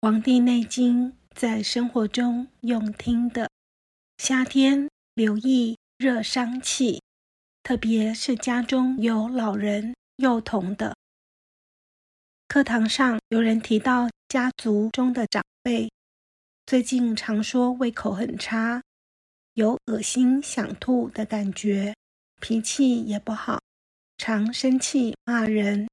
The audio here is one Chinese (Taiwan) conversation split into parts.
《黃帝內經》在生活中用聽的，夏天留意熱傷氣，特別是家中有老人、幼童的。課堂上有人提到，家族中的長輩最近常說胃口很差，有噁心、想吐的感覺，脾氣也不好，常生氣、罵人。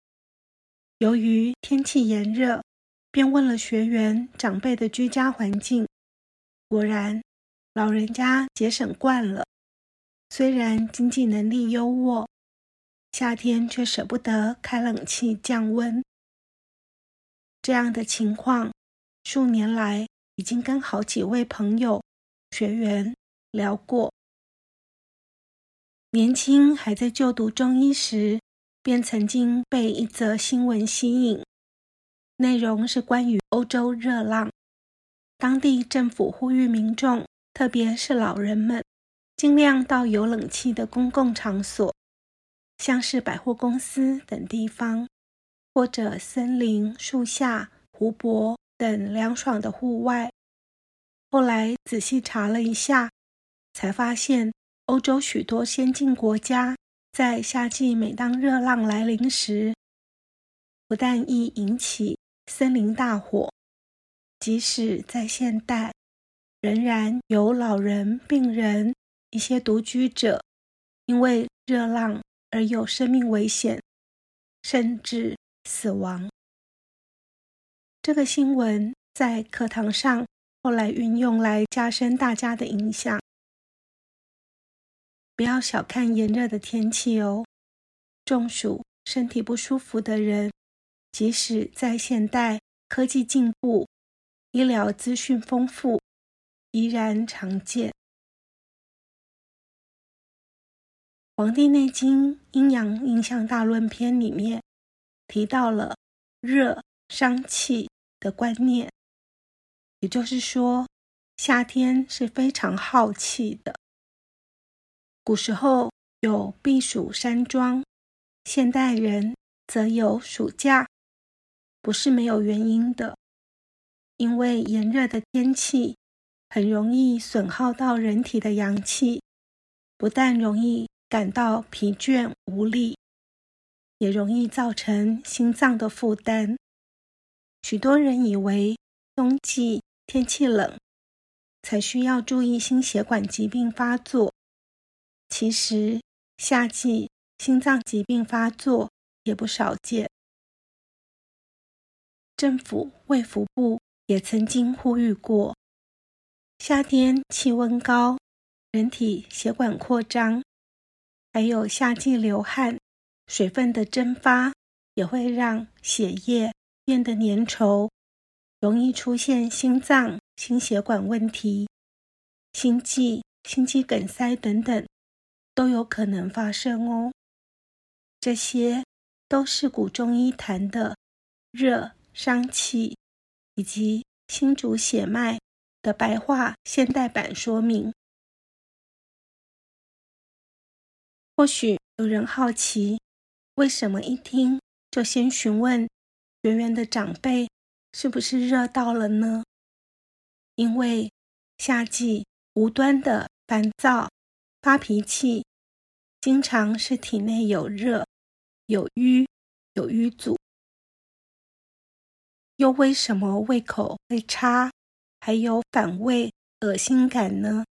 由於天氣炎熱，便問了學員長輩的居家環境，果然，老人家節省慣了，雖然經濟能力優渥，夏天卻捨不得開冷氣降溫。這樣的情況，數年來已經跟好幾位朋友、學員聊過。年輕還在就讀中醫時，便曾經被一則新聞吸引。內容是關於歐洲熱浪，當地政府呼籲民眾，特別是老人們，盡量到有冷氣的公共場所，像是百貨公司等地方，或者森林、樹下、湖泊等涼爽的戶外。後來仔細查了一下，才發現歐洲許多先進國家在夏季每當熱浪來臨時，不但易引起森林大火，即使在現代，仍然有老人、病人、一些獨居者因為熱浪而有生命危險，甚至死亡。這個新聞在課堂上後來運用來加深大家的印象。不要小看炎熱的天氣哦，中暑、身體不舒服的人。即使在現代，科技進步，醫療資訊豐富，依然常見。《黃帝內經·陰陽應象大論篇》裡面提到了“熱傷氣”的觀念，也就是說，夏天是非常耗氣的。古時候有避暑山莊，現代人則有暑假。不是沒有原因的，因為炎熱的天氣很容易損耗到人體的陽氣，不但容易感到疲倦無力，也容易造成心臟的負擔。許多人以為冬季天氣冷才需要注意心血管疾病發作，其實夏季心臟疾病發作也不少見。政府衛福部也曾經呼籲過，夏天氣溫高，人體血管擴張，還有夏季流汗，水分的蒸發也會讓血液變得粘稠，容易出現心臟、心血管問題，心悸、心肌梗塞等等都有可能發生哦。這些都是古中醫談的熱傷氣，以及心主血脈的白話現代版說明。或許有人好奇，為什麼一聽就先詢問學員的長輩是不是熱到了呢？因為夏季無端地煩躁、發脾氣，經常是體內有熱、有瘀、有瘀阻。又為什麼胃口會差，還有反胃、噁心感呢？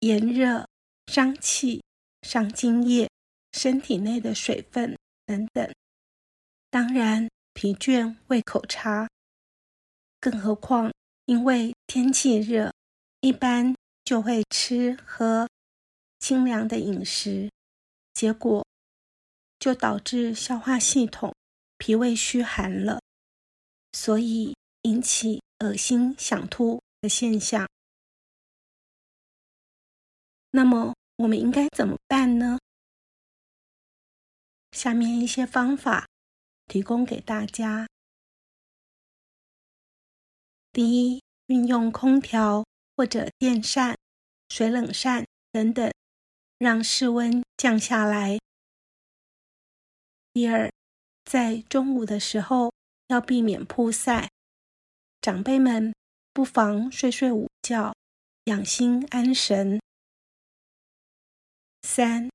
炎熱傷氣、傷津液，身體內的水分等等。當然，疲倦、胃口差，更何況因為天氣熱，一般就會吃喝清涼的飲食，結果就導致消化系統脾胃虛寒了。所以引起噁心、想吐的現象。那麼我們應該怎麼辦呢？下面一些方法提供給大家：第一，運用空調或者電扇、水冷扇等等，讓室溫降下來；第二，在中午的時候。要避免曝曬，長輩們不妨睡睡午覺，養心安神。三、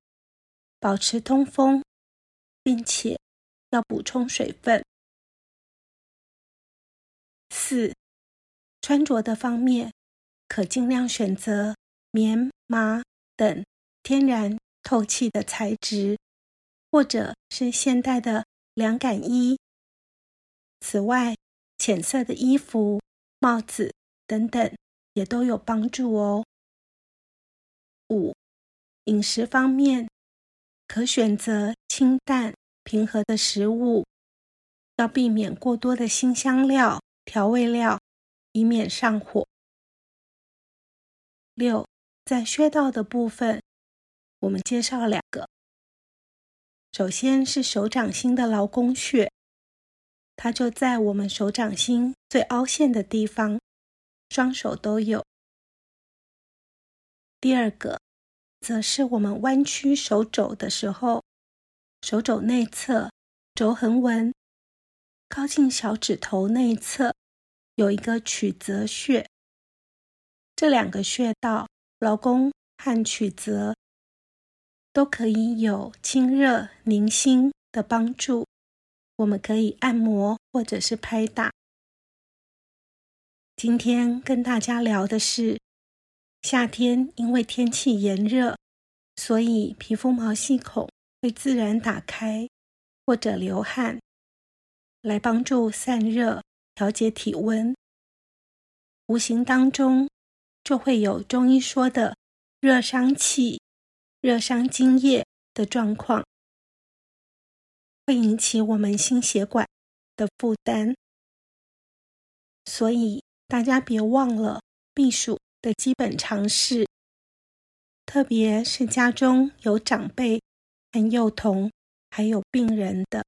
保持通風，並且要補充水分。四、穿着的方面，可盡量選擇棉、麻等天然透氣的材質，或者是現代的涼感衣。此外，淺色的衣服、帽子等等也都有幫助哦。五、飲食方面，可選擇清淡平和的食物，要避免過多的辛香料、調味料，以免上火。六、在穴道的部分，我們介紹兩個，首先是手掌心的勞宮穴。它就在我們手掌心最凹陷的地方，雙手都有。第二個，則是我們彎曲手肘的時候，手肘內側、肘橫紋靠近小指頭內側有一個曲澤穴。這兩個穴道，勞宮和曲澤，都可以有清熱、寧心的幫助。我們可以按摩或者是拍打。今天跟大家聊的是，夏天因為天氣炎熱，所以皮膚毛細孔會自然打開或者流汗，來幫助散熱、調節體溫。無形當中就會有中醫說的“熱傷氣”、“熱傷津液”的狀況。會引起我們心血管的負擔，所以大家別忘了避暑的基本常識，特別是家中有長輩、和幼童，還有病人的。